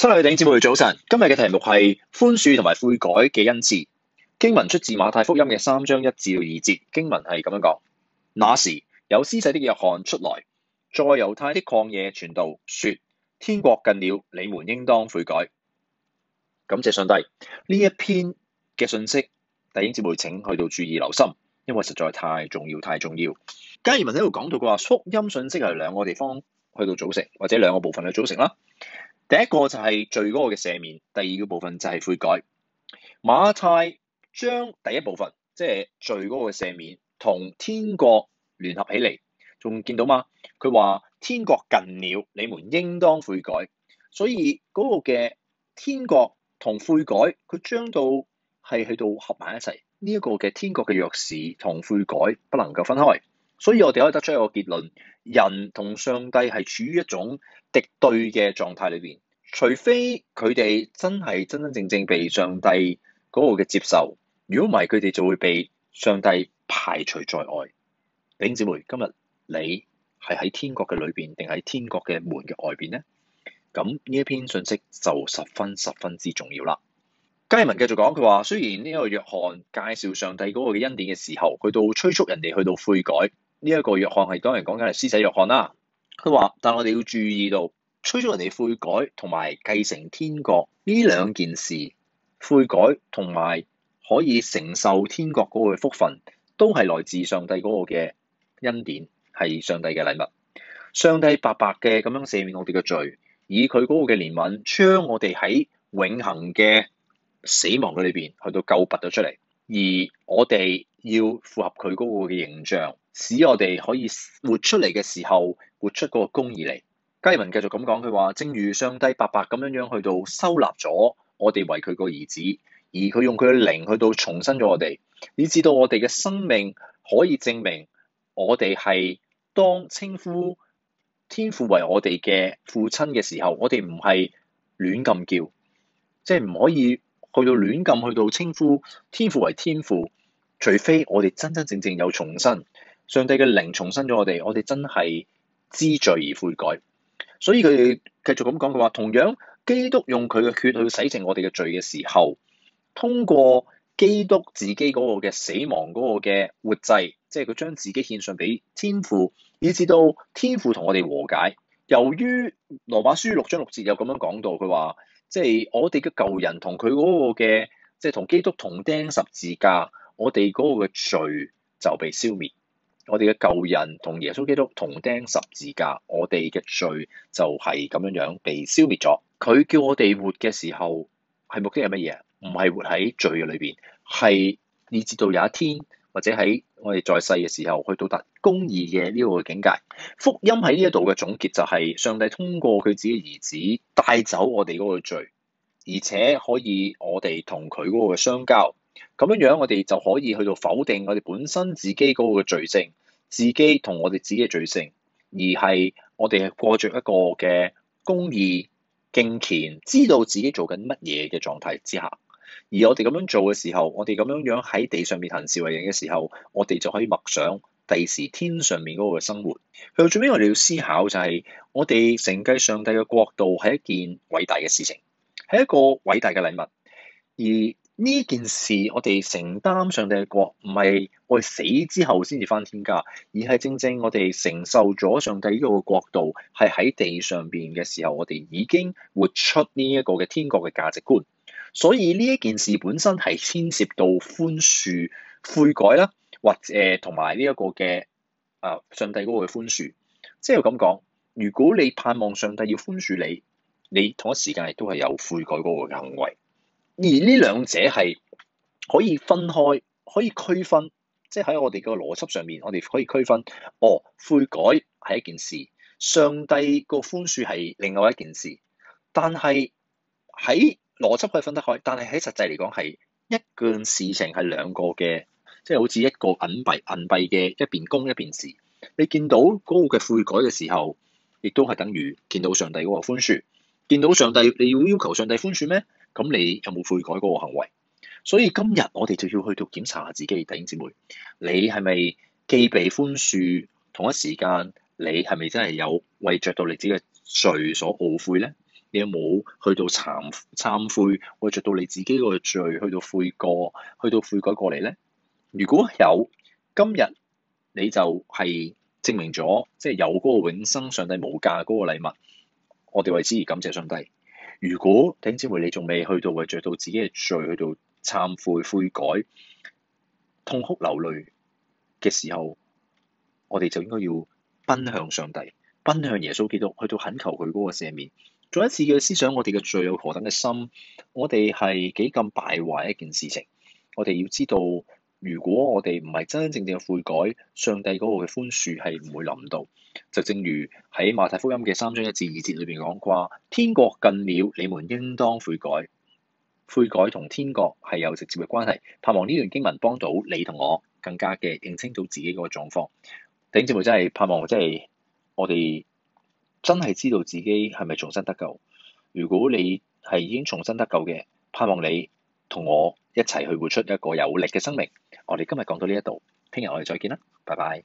親愛嘅弟兄姊妹早晨，今日嘅題目係寬恕同埋悔改嘅恩賜。經文出自馬太福音嘅三章一至二節，經文係咁樣講：那時有施洗的約翰出來，在猶太的曠野傳道，說：天國近了，你們應當悔改。感謝上帝呢一篇嘅信息，弟兄姊妹請去到注意留心，因為實在太重要，太重要。加爾文喺度講到佢話福音信息係兩個地方去到組成，或者兩個部分去組成啦。第一個就係罪嗰個嘅赦免，第二個部分就係悔改。馬太將第一部分，即係罪嗰個嘅赦免，同天國聯合起嚟，仲見到嗎？佢話天國近了，你們應當悔改。所以嗰、那個嘅天國同悔改，佢將到係去到合埋一齊。呢、這、一個嘅天國嘅鑰匙同悔改不能夠分開。所以我哋可以得出一個結論，人同上帝係處於一種敵對嘅狀態裏邊，除非佢哋真係真真正正被上帝嗰個嘅接受，如果唔係佢哋就會被上帝排除在外。頂姊妹，今日你係喺天國嘅裏邊，定喺天國嘅門嘅外邊呢？咁呢一篇信息就十分十分之重要啦。加爾文繼續講，佢話雖然呢個約翰介紹上帝嗰個嘅恩典嘅時候，去到催促人哋去到悔改。呢一個約翰係當然講緊係施洗約翰啦。佢話，但係我哋要注意到，催咗人哋悔改同埋繼承天國呢兩件事，悔改同埋可以承受天國嗰個嘅福分，都係來自上帝嗰個嘅恩典，係上帝嘅禮物。上帝白白嘅咁樣赦免我哋嘅罪，以佢嗰個嘅憐憫，將我哋喺永恒嘅死亡嘅裏邊去到救拔咗出嚟，而我哋要符合佢嗰個嘅形象。使我哋可以活出嚟嘅時候，活出嗰個公義嚟。加爾文繼續咁講，佢話，正如上帝白白咁樣樣去到收納咗我哋為佢個兒子，而佢用佢嘅靈去到重生咗我哋，以至到我哋嘅生命可以證明我哋係當稱呼天父為我哋嘅父親嘅時候，我哋唔係亂咁叫，即係唔可以去到亂咁去到稱呼天父為天父，除非我哋真真正正有重生。上帝嘅靈重生咗我哋，我哋真係知罪而悔改。所以佢繼續咁講，佢話同樣基督用佢嘅血去洗淨我哋嘅罪嘅時候，通過基督自己嗰個嘅死亡嗰個嘅活祭，即係佢將自己獻上俾天父，以至到天父同我哋和解。由於羅馬書六章六節有咁樣講到，佢話即係我哋嘅舊人同佢嗰個嘅，即係同基督同釘十字架，我哋嗰個嘅罪就被消滅。我哋嘅舊人同耶穌基督同釘十字架，我哋嘅罪就係咁樣樣被消滅咗。佢叫我哋活嘅時候係目的係乜嘢？唔係活喺罪嘅裏邊，係以至到有一天或者喺我哋在世嘅時候去到達公義嘅呢個境界。福音喺呢一度嘅總結就係、是、上帝通過佢自己嘅兒子帶走我哋嗰個罪，而且可以我哋同佢嗰個相交咁樣樣，我哋就可以去到否定我哋本身自己嗰個罪證。自己同我哋自己嘅罪性，而係我哋係過着一個嘅公義敬虔，知道自己做緊乜嘢嘅狀態之下，而我哋咁樣做嘅時候，我哋咁樣樣喺地上面行事為人嘅時候，我哋就可以默想第時天上面嗰個生活。去到最尾，我哋要思考就係、是、我哋承繼上帝嘅國度係一件偉大嘅事情，係一個偉大嘅禮物。而呢件事我哋承擔上帝嘅國，唔係我哋死之後先至返天家，而係正正我哋承受咗上帝呢個國度，係喺地上邊嘅時候，我哋已經活出呢一個嘅天國嘅價值觀。所以呢一件事本身係牽涉到寬恕、悔改啦，或者同埋呢一個嘅啊上帝嗰個嘅寬恕。即係咁講，如果你盼望上帝要寬恕你，你同一時間亦都係有悔改嗰個行為。而呢兩者係可以分開，可以區分，即係喺我哋嘅邏輯上面，我哋可以區分。哦，悔改係一件事，上帝個寬恕係另外一件事。但係喺邏輯可以分得開，但係喺實際嚟講係一件事情係兩個嘅，即係好似一個銀幣，銀幣嘅一邊公一邊字。你見到嗰個嘅悔改嘅時候，亦都係等於見到上帝嗰個寬恕。見到上帝，你要要求上帝寬恕咩？咁你有冇悔改嗰個行為？所以今日我哋就要去到檢查下自己，弟兄姊妹，你係咪既被寬恕，同一時間你係咪真係有為着到你自己嘅罪所懊悔咧？你有冇去到懺懺悔，為着到你自己個罪去到悔過，去到悔改過嚟咧？如果有，今日你就係證明咗，即係有嗰個永生上帝無價嗰個禮物，我哋為之而感謝上帝。如果頂姊妹你仲未去到，為着到自己嘅罪去到懺悔悔改、痛哭流淚嘅時候，我哋就應該要奔向上帝，奔向耶穌基督，去到懇求佢嗰個赦免，再一次嘅思想我哋嘅罪有何等嘅深，我哋係幾咁敗壞一件事情，我哋要知道。如果我哋唔係真真正正嘅悔改，上帝嗰個嘅寬恕係唔會臨到。就正如喺馬太福音嘅三章一至二節裏邊講話，天國近了，你們應當悔改。悔改同天國係有直接嘅關係。盼望呢段經文幫到你同我，更加嘅認清楚自己嗰個狀況。弟兄姐妹真係盼望，即係我哋真係知道自己係咪重生得救。如果你係已經重生得救嘅，盼望你，同我一齊去活出一個有力嘅生命。我哋今日講到呢一度，聽日我哋再見啦，拜拜。